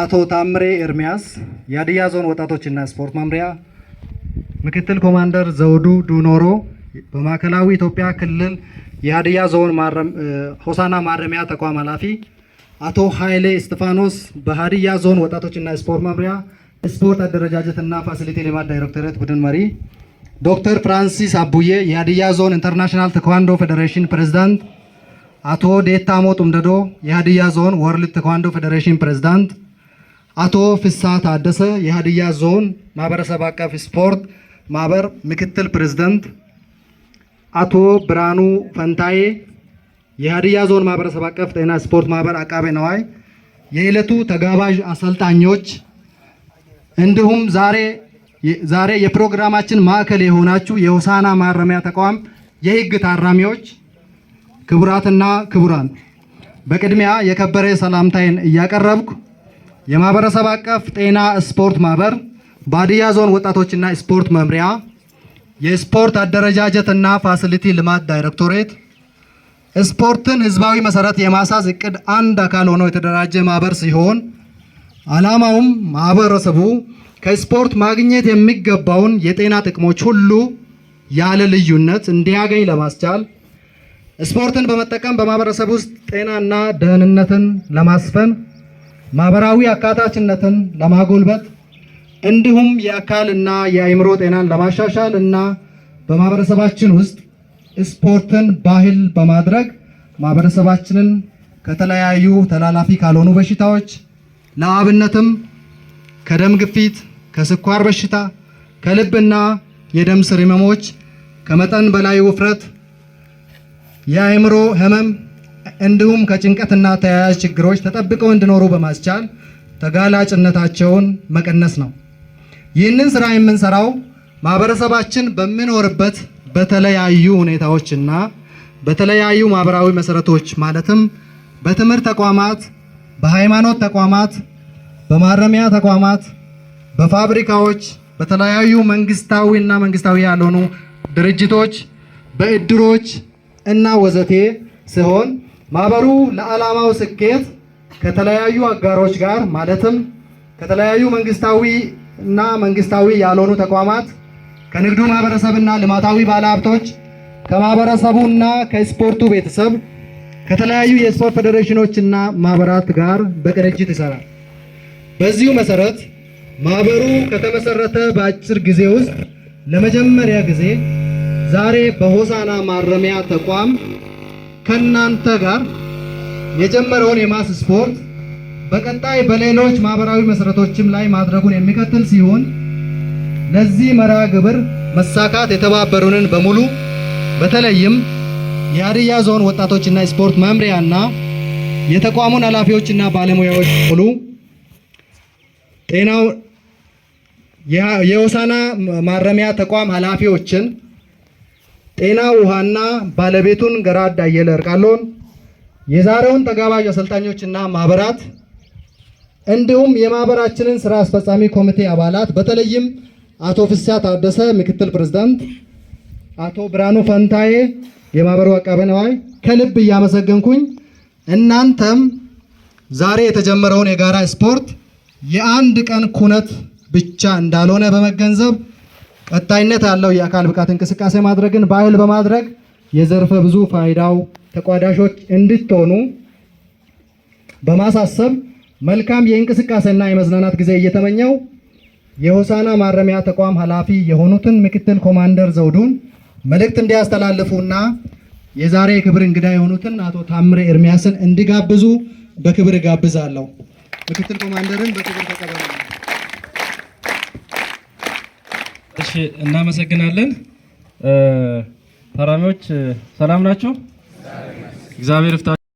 አቶ ታምሬ ኤርሚያስ የሀዲያ ዞን ወጣቶችና ስፖርት መምሪያ ምክትል ኮማንደር ዘውዱ ዱኖሮ በማዕከላዊ ኢትዮጵያ ክልል የሀዲያ ዞን ሆሳና ማረሚያ ተቋም ኃላፊ፣ አቶ ኃይሌ እስጢፋኖስ በሀዲያ ዞን ወጣቶችና ስፖርት መምሪያ ስፖርት አደረጃጀትና ፋሲሊቲ ልማት ዳይሬክቶሬት ቡድን መሪ፣ ዶክተር ፍራንሲስ አቡዬ የሀዲያ ዞን ኢንተርናሽናል ተኳንዶ ፌዴሬሽን ፕሬዝዳንት አቶ ዴታሞ ጡምደዶ የሀዲያ ዞን ወርልድ ተኳንዶ ፌዴሬሽን ፕሬዝዳንት፣ አቶ ፍሳ ታደሰ የሀዲያ ዞን ማህበረሰብ አቀፍ ስፖርት ማህበር ምክትል ፕሬዝዳንት፣ አቶ ብርሃኑ ፈንታዬ የሀዲያ ዞን ማህበረሰብ አቀፍ ጤና ስፖርት ማህበር አቃቤ ነዋይ፣ የዕለቱ ተጋባዥ አሰልጣኞች እንዲሁም ዛሬ ዛሬ የፕሮግራማችን ማዕከል የሆናችሁ የሆሳና ማረሚያ ተቋም የህግ ታራሚዎች ክቡራትና ክቡራን በቅድሚያ የከበረ ሰላምታዬን እያቀረብኩ የማህበረሰብ አቀፍ ጤና ስፖርት ማህበር በሀዲያ ዞን ወጣቶችና ስፖርት መምሪያ የስፖርት አደረጃጀትና ፋሲሊቲ ልማት ዳይሬክቶሬት ስፖርትን ህዝባዊ መሰረት የማሳዝ እቅድ አንድ አካል ሆኖ የተደራጀ ማህበር ሲሆን ዓላማውም ማህበረሰቡ ከስፖርት ማግኘት የሚገባውን የጤና ጥቅሞች ሁሉ ያለ ልዩነት እንዲያገኝ ለማስቻል ስፖርትን በመጠቀም በማህበረሰብ ውስጥ ጤናና ደህንነትን ለማስፈን ማህበራዊ አካታችነትን ለማጎልበት እንዲሁም የአካል እና የአእምሮ ጤናን ለማሻሻል እና በማህበረሰባችን ውስጥ ስፖርትን ባህል በማድረግ ማህበረሰባችንን ከተለያዩ ተላላፊ ካልሆኑ በሽታዎች ለአብነትም ከደም ግፊት፣ ከስኳር በሽታ፣ ከልብና የደም ስር ህመሞች፣ ከመጠን በላይ ውፍረት የአእምሮ ህመም እንዲሁም ከጭንቀትና ተያያዥ ችግሮች ተጠብቀው እንዲኖሩ በማስቻል ተጋላጭነታቸውን መቀነስ ነው። ይህንን ስራ የምንሰራው ማህበረሰባችን በሚኖርበት በተለያዩ ሁኔታዎችና በተለያዩ ማህበራዊ መሰረቶች ማለትም በትምህርት ተቋማት፣ በሃይማኖት ተቋማት፣ በማረሚያ ተቋማት፣ በፋብሪካዎች፣ በተለያዩ መንግስታዊ እና መንግስታዊ ያልሆኑ ድርጅቶች፣ በእድሮች እና ወዘቴ ሲሆን ማህበሩ ለዓላማው ስኬት ከተለያዩ አጋሮች ጋር ማለትም ከተለያዩ መንግስታዊ እና መንግስታዊ ያልሆኑ ተቋማት ከንግዱ ማህበረሰብና ልማታዊ ባለሀብቶች እና ከስፖርቱ ቤተሰብ ከተለያዩ የስፖርት ፌዴሬሽኖች እና ማህበራት ጋር በቅንጅት ይሰራል። በዚሁ መሰረት ማህበሩ ከተመሰረተ በአጭር ጊዜ ውስጥ ለመጀመሪያ ጊዜ ዛሬ በሆሳና ማረሚያ ተቋም ከእናንተ ጋር የጀመረውን የማስ ስፖርት በቀጣይ በሌሎች ማህበራዊ መሰረቶችም ላይ ማድረጉን የሚቀጥል ሲሆን ለዚህ መርሃ ግብር መሳካት የተባበሩንን በሙሉ በተለይም የሀዲያ ዞን ወጣቶችና ስፖርት መምሪያና የተቋሙን ኃላፊዎችና ባለሙያዎች ሁሉ ጤናው የሆሳና ማረሚያ ተቋም ኃላፊዎችን ጤና ውሃና ባለቤቱን ገራድ አየለ እርቃሎን የዛሬውን ተጋባዥ አሰልጣኞችና ማህበራት እንዲሁም የማህበራችንን ስራ አስፈጻሚ ኮሚቴ አባላት በተለይም አቶ ፍስሐ ታደሰ ምክትል ፕሬዝዳንት፣ አቶ ብርሃኑ ፈንታዬ የማህበሩ አቃቤ ከልብ እያመሰገንኩኝ እናንተም ዛሬ የተጀመረውን የጋራ ስፖርት የአንድ ቀን ኩነት ብቻ እንዳልሆነ በመገንዘብ ቀጣይነት ያለው የአካል ብቃት እንቅስቃሴ ማድረግን ባህል በማድረግ የዘርፈ ብዙ ፋይዳው ተቋዳሾች እንድትሆኑ በማሳሰብ መልካም የእንቅስቃሴና የመዝናናት ጊዜ እየተመኘው የሆሳና ማረሚያ ተቋም ኃላፊ የሆኑትን ምክትል ኮማንደር ዘውዱን መልእክት እንዲያስተላልፉና የዛሬ ክብር እንግዳ የሆኑትን አቶ ታምሬ ኤርሚያስን እንዲጋብዙ በክብር እጋብዛለሁ። ምክትል ኮማንደርን በክብር ተቀበሉ። እሺ እናመሰግናለን። ታራሚዎች ሰላም ናቸው እግዚአብሔር ይፍታ።